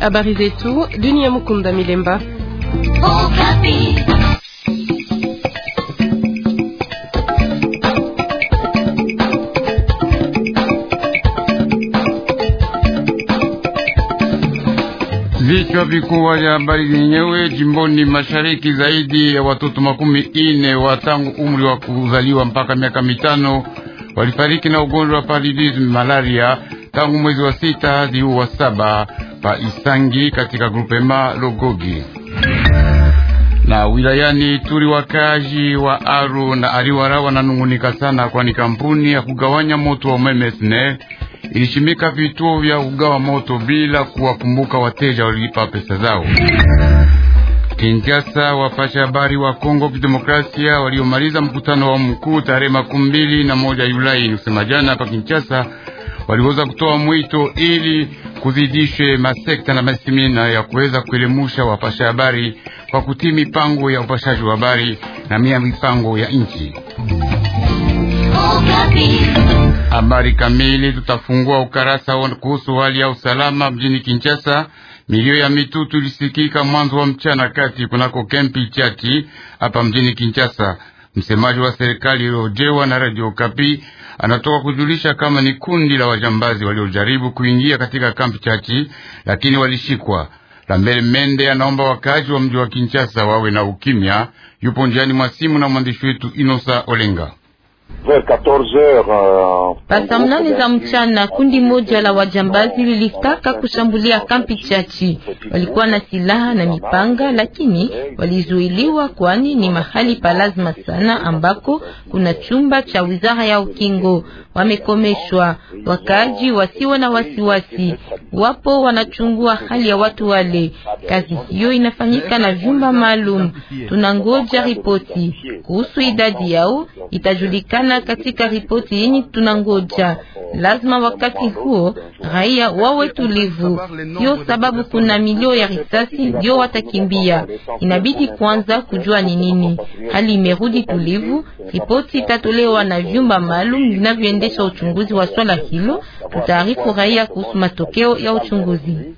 Habari zetu dunia. Mukunda Milemba. Vichwa vikubwa vya habari zenyewe jimboni mashariki, zaidi ya watoto makumi ine wa tangu umri wa kuzaliwa mpaka miaka mitano walifariki na ugonjwa wa paludisme malaria tangu mwezi wa sita hadi huu wa saba pa Isangi katika grupema Logogi na wilayani Turi, wakaji wa Aru na Ariwara wananungunika sana, kwani kampuni ya kugawanya moto wa umeme SNEL ilishimika vituo vya kugawa moto bila kuwakumbuka wateja walilipa pesa zao. Kinshasa, wapasha habari wa Kongo Kidemokrasia waliomaliza mkutano wa mkuu tarehe makumi mbili na moja Julai kusema jana hapa Kinshasa waliweza kutoa mwito ili kuzidishwe masekta na masimina ya kuweza kuelemusha wapasha habari kwa kutii mipango ya upashaji wa habari na mia mipango ya nchi. Habari kamili tutafungua ukarasa kuhusu hali ya usalama mjini Kinshasa. Milio ya mitutu ilisikika mwanzo wa mchana kati kunako kempi chati hapa mjini Kinshasa. Msemaji wa serikali iliojewa na Radio Kapi anatoka kujulisha kama ni kundi la wajambazi waliojaribu kuingia katika kambi chachi, lakini walishikwa. Lambele Mende anaomba wakazi wa mji wa Kinshasa wawe na ukimya. Yupo njiani mwa simu na mwandishi wetu Inosa Olenga. Pasaa euh, za mchana kundi moja la wajambazi lilitaka kushambulia kampi chachi. Walikuwa na silaha na mipanga, lakini walizuiliwa, kwani ni mahali pa lazima sana ambako kuna chumba cha wizara ya ukingo. Wamekomeshwa, wakaaji wasiwa na wasiwasi, wapo wanachungua hali ya watu wale. Kazi hiyo inafanyika na vyumba maalum. Tunangoja ripoti kuhusu idadi yao, itajulikana kupatikana katika ripoti yenye tunangoja. Lazima wakati huo raia wawe tulivu, sio sababu kuna milio ya risasi ndio watakimbia. Inabidi kwanza kujua ni nini. Hali imerudi tulivu, ripoti itatolewa na vyumba maalum vinavyoendesha uchunguzi wa swala hilo. Tutaarifu raia kuhusu matokeo ya uchunguzi.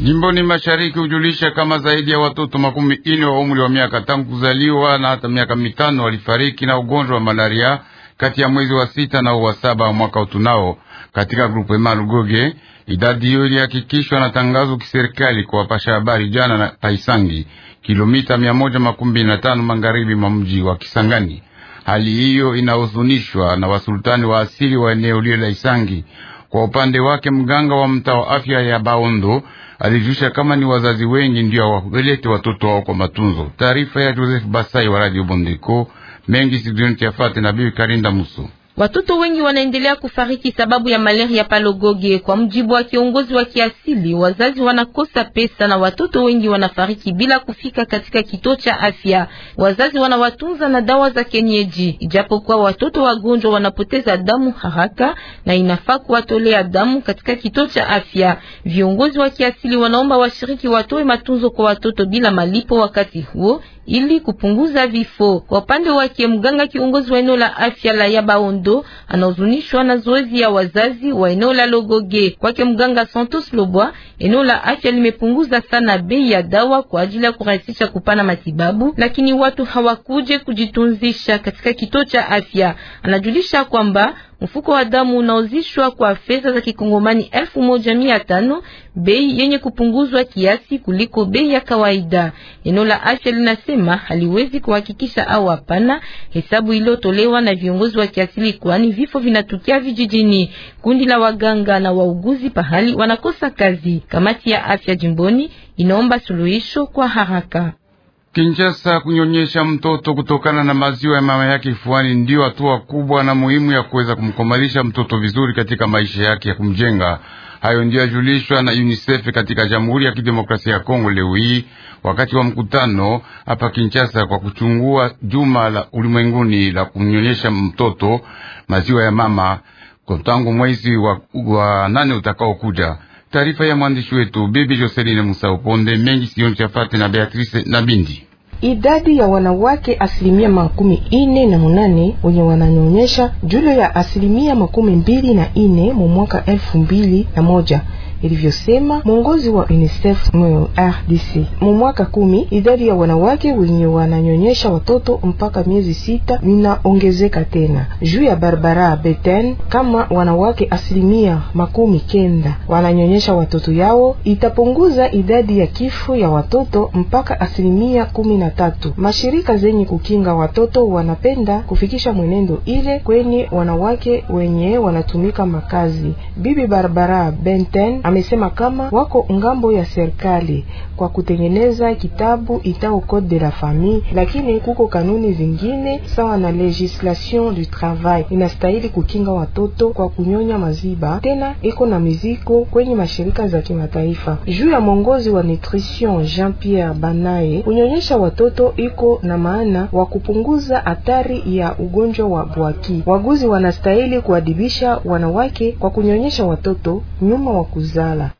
Jimboni mashariki hujulisha kama zaidi ya watoto makumi ine wa umri wa miaka tangu kuzaliwa na hata miaka mitano walifariki na ugonjwa wa malaria kati ya mwezi wa sita na wa saba mwaka utunao katika grupu Marugoge. Idadi hiyo ilihakikishwa na tangazo kiserikali kwa wapasha habari jana na Paisangi, kilomita mia moja makumi na tano magharibi mwa mji wa Kisangani. Hali hiyo inahuzunishwa na wasultani wa asili wa eneo lile la Isangi kwa upande wake mganga wa mtaa wa afya ya Baondo alijusha kama ni wazazi wengi ndio hawapeleke watoto wao kwa matunzo. Taarifa ya Joseph Basai wa Radio Bondeko mengi sidoni na bibi Karinda Muso. Watoto wengi wanaendelea kufariki sababu ya malaria palogoge. Kwa mjibu wa kiongozi wa kiasili, wazazi wanakosa pesa na watoto wengi wanafariki bila kufika katika kituo cha afya. Wazazi wanawatunza na dawa za kienyeji, ijapokuwa watoto wagonjwa wanapoteza damu haraka na inafaa kuwatolea damu katika kituo cha afya. Viongozi wa kiasili wanaomba washiriki watoe matunzo kwa watoto bila malipo wakati huo ili kupunguza vifo. Kwa upande wake, mganga kiongozi wa eneo la afya la Yabaondo anahuzunishwa na zoezi ya wazazi wa eneo la Logoge. Kwake mganga Santos Lobwa, eneo la afya limepunguza sana bei ya dawa kwa ajili ya kurahisisha kupana matibabu, lakini watu hawakuje kujitunzisha katika kituo cha afya. Anajulisha kwamba Mfuko wa damu unaozishwa kwa fedha za kikongomani elfu moja mia tano, bei yenye kupunguzwa kiasi kuliko bei ya kawaida. Neno la afya linasema haliwezi kuhakikisha au hapana hesabu iliyotolewa na viongozi wa kiasili, kwani vifo vinatukia vijijini. Kundi la waganga na wauguzi pahali wanakosa kazi. Kamati ya afya jimboni inaomba suluhisho kwa haraka. Kinshasa kunyonyesha mtoto kutokana na maziwa ya mama yake kifuani ndiyo hatua kubwa na muhimu ya kuweza kumkomalisha mtoto vizuri katika maisha yake ya kumjenga. Hayo ndiyo yajulishwa na UNICEF katika Jamhuri ya Kidemokrasia ya Kongo leo hii wakati wa mkutano hapa Kinshasa kwa kuchungua juma la ulimwenguni la kunyonyesha mtoto maziwa ya mama tangu mwezi wa, wa nane utakaokuja. Taarifa ya mwandishi wetu Bibi Joseline Musa Uponde mengi sioni chafate na Beatrice na Bindi idadi ya wanawake asilimia makumi ine na munane wenye wananyonyesha julo ya asilimia makumi mbili na ine mu mwaka elfu mbili na moja ilivyosema mwongozi wa UNICEF RDC. Mu mwaka kumi idadi ya wanawake wenye wananyonyesha watoto mpaka miezi sita inaongezeka tena. Juu ya Barbara Beten, kama wanawake asilimia makumi kenda wananyonyesha watoto yao, itapunguza idadi ya kifo ya watoto mpaka asilimia kumi na tatu. Mashirika zenye kukinga watoto wanapenda kufikisha mwenendo ile kwenye wanawake wenye wanatumika makazi. Bibi Barbara Benten amesema kama wako ngambo ya serikali kwa kutengeneza kitabu itao code de la famille, lakini kuko kanuni zingine sawa na legislation du travail inastahili kukinga watoto kwa kunyonya maziba, tena iko na miziko kwenye mashirika za kimataifa juu ya mwongozi wa nutrition Jean Pierre Banaye. Kunyonyesha watoto iko na maana wa kupunguza hatari ya ugonjwa wa bwaki. Waguzi wanastahili kuadibisha wanawake kwa kunyonyesha watoto nyuma wa kuzala.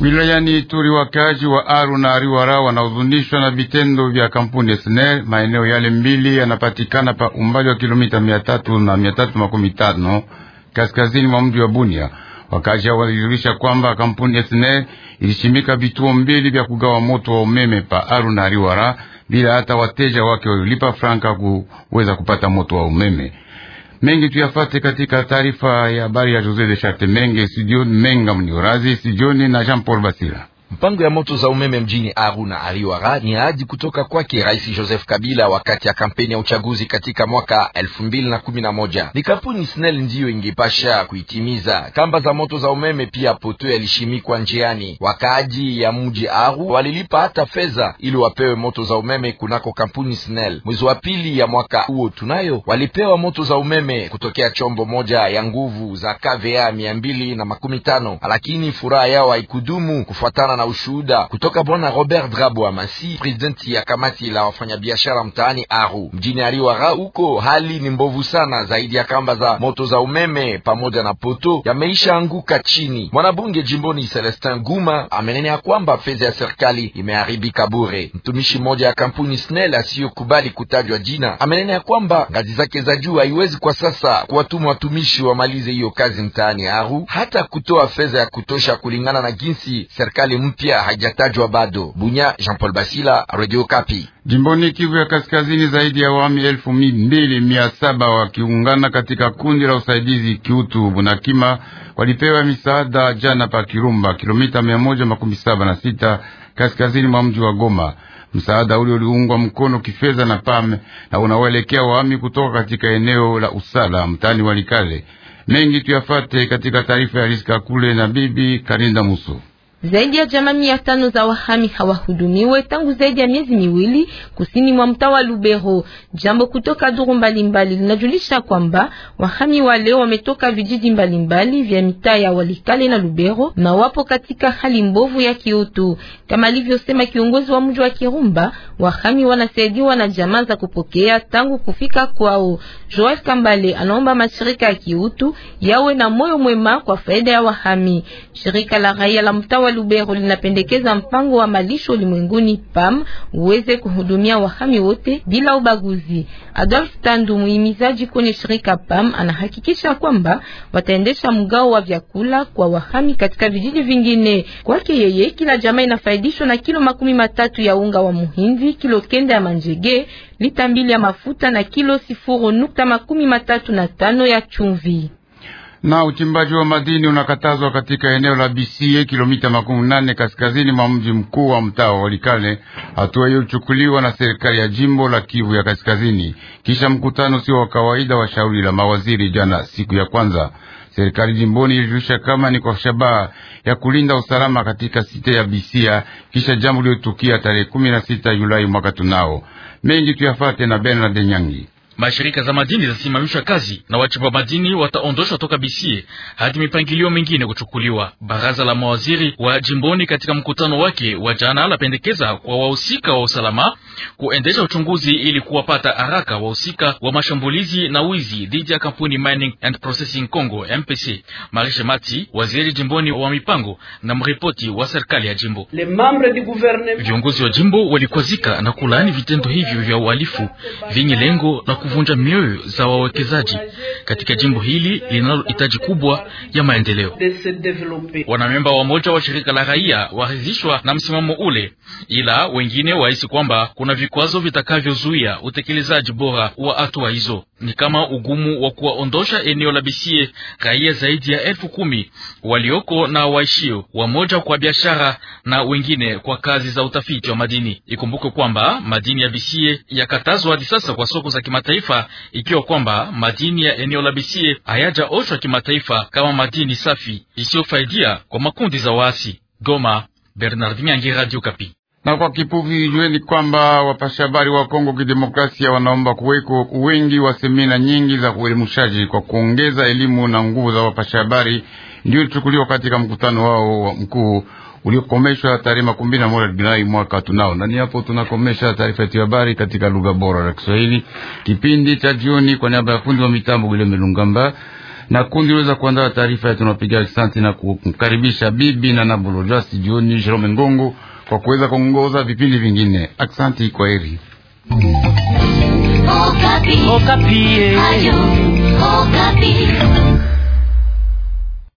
Wilayani Ituri, wakaji wa Aru na Ariwara wanahuzunishwa na vitendo vya kampuni SNEL. Maeneo yale mbili yanapatikana pa umbali wa kilomita mia tatu na mia tatu makumi tano kaskazini mwa mji wa Bunia. wakaji hao walijulisha kwamba kampuni SNEL ilishimika vituo mbili vya kugawa moto wa umeme pa Aru na Ariwara bila hata wateja wake walilipa franka kuweza kupata moto wa umeme mengi tuyafate katika taarifa ya habari ya Jose de Charte Menge, studioni Menga Mniorazi, studioni na Jean Paul Basila. Mpango ya moto za umeme mjini Aru na Ariwara ni ahadi kutoka kwake Rais Joseph Kabila wakati ya kampeni ya uchaguzi katika mwaka elfu mbili na kumi na moja. Ni kampuni SNEL ndiyo ingepasha kuitimiza. Kamba za moto za umeme pia poto yalishimikwa njiani. Wakaaji ya mji Aru walilipa hata fedha ili wapewe moto za umeme kunako kampuni SNEL. Mwezi wa pili ya mwaka huo tunayo walipewa moto za umeme kutokea chombo moja ya nguvu za KVA mia mbili na makumi tano, lakini furaha yao haikudumu kufuatana na ushuhuda kutoka bwana Robert Drabo Amasi, presidenti ya kamati la wafanyabiashara mtaani Aru mjini Ariwara. Huko hali ni mbovu sana, zaidi ya kamba za moto za umeme pamoja na poto yameisha anguka chini. Mwanabunge jimboni Celestin Guma amenenea kwamba fedha ya serikali imeharibika bure. Mtumishi mmoja ya kampuni snel asiyokubali kutajwa jina amenenea kwamba ngazi zake za juu haiwezi kwa sasa kuwatuma watumishi wamalize hiyo kazi mtaani Aru, hata kutoa fedha ya kutosha kulingana na jinsi serikali mpya haijatajwa bado. Bunya, Jean Paul Basila, Radio Kapi. Jimboni Kivu ya Kaskazini, zaidi ya wami elfu mbili mia saba wakiungana katika kundi la usaidizi kiutu Bunakima walipewa misaada jana pa Kirumba, kilomita mia moja makumi saba na sita kaskazini mwa mji wa Goma. Msaada ule uliungwa mkono kifedha na PAM na unawaelekea wami kutoka katika eneo la Usala mtani Walikale. Mengi tuyafate katika taarifa ya Riska Kule na bibi Karinda Muso. Zaidi ya jamaa mia tano za wahami hawahudumiwe tangu zaidi ya miezi miwili kusini mwa mtaa wa Lubero. Jambo kutoka duru mbalimbali linajulisha kwamba wahami wale wametoka vijiji mbalimbali vya mitaa ya Walikale na Lubero na wapo katika hali mbovu ya kiutu. Kama alivyosema kiongozi wa mji wa Kirumba, wahami wanasaidiwa na jamaa za kupokea tangu kufika kwao. Joel Kambale anaomba mashirika ya kiutu yawe na moyo mwema kwa faida ya wahami. Shirika la raia la mtaa wa Lubero linapendekeza mpango wa malisho ulimwenguni PAM uweze kuhudumia wahami wote bila ubaguzi. Adolf Tandu, muhimizaji kwenye shirika PAM, anahakikisha kwamba wataendesha mgao wa vyakula kwa wahami katika vijiji vingine. Kwake yeye, kila jamaa inafaidishwa na kilo makumi matatu ya unga wa muhindi, kilo kenda ya manjege, lita mbili ya mafuta na kilo sifuru nukta makumi matatu na tano ya chumvi na uchimbaji wa madini unakatazwa katika eneo la Bisie, kilomita makumi nane kaskazini mwa mji mkuu wa mtaa wa Walikale. Hatua hiyo ilichukuliwa na serikali ya jimbo la Kivu ya kaskazini kisha mkutano sio wa kawaida wa shauri la mawaziri jana, siku ya kwanza. Serikali jimboni ilijulisha kama ni kwa shabaha ya kulinda usalama katika site ya Bisia kisha jambo lililotukia tarehe kumi na sita Julai mwaka tunao. Mengi tuyafate na Bernard Nyangi mashirika za madini zasimamishwa kazi na wachimba madini wataondoshwa toka Bisie hadi mipangilio mingine kuchukuliwa. Baraza la mawaziri wa jimboni katika mkutano wake wa jana lapendekeza kwa wahusika wa usalama kuendesha uchunguzi ili kuwapata haraka wahusika wa mashambulizi na wizi dhidi ya kampuni Mining and Processing Congo MPC. Marishe Mati, waziri jimboni wa mipango na mripoti wa serikali ya jimbo. Viongozi wa jimbo walikwazika na kulaani vitendo hivyo vya uhalifu vyenye lengo ku kuvunja mioyo za wawekezaji katika jimbo hili linalohitaji kubwa ya maendeleo. Wanamemba wamoja wa shirika la raia warizishwa na msimamo ule, ila wengine wahisi kwamba kuna vikwazo vitakavyozuia utekelezaji bora wa hatua hizo, ni kama ugumu wa kuwaondosha eneo la Bisie raia zaidi ya elfu kumi walioko na waishio, wamoja kwa biashara na wengine kwa kazi za utafiti wa madini. Ikumbuke kwamba madini ya Bisie yakatazwa hadi sasa kwa soko za kimataifa kimataifa, ikiwa kwamba madini ya eneo la Bisie hayajaoshwa kimataifa kama madini safi isiyofaidia kwa makundi za waasi. Goma, Bernard Nyangi, Radio Kapi. Na kwa kifupi, ijueni kwamba wapasha habari wa Kongo Kidemokrasia wanaomba kuweko wengi wa semina nyingi za uelimushaji kwa kuongeza elimu na nguvu za wapasha habari, ndio ilichukuliwa katika mkutano wao mkuu uliokomeshwa tarehe makumi mbili na moja Julai mwaka tunao nani. Hapo tunakomesha taarifa yetu ya habari katika lugha bora ya Kiswahili kipindi cha jioni. Kwa niaba ya fundi wa mitambo Gile Melungamba na kundi liweza kuandaa taarifa ya, tunapiga asante na kukaribisha bibi na Nabulo jioni Jerome Ngongo kwa kuweza kuongoza vipindi vingine. Asante, kwa heri. Oh, Okapi. Okapi. Eh. Oh, Okapi.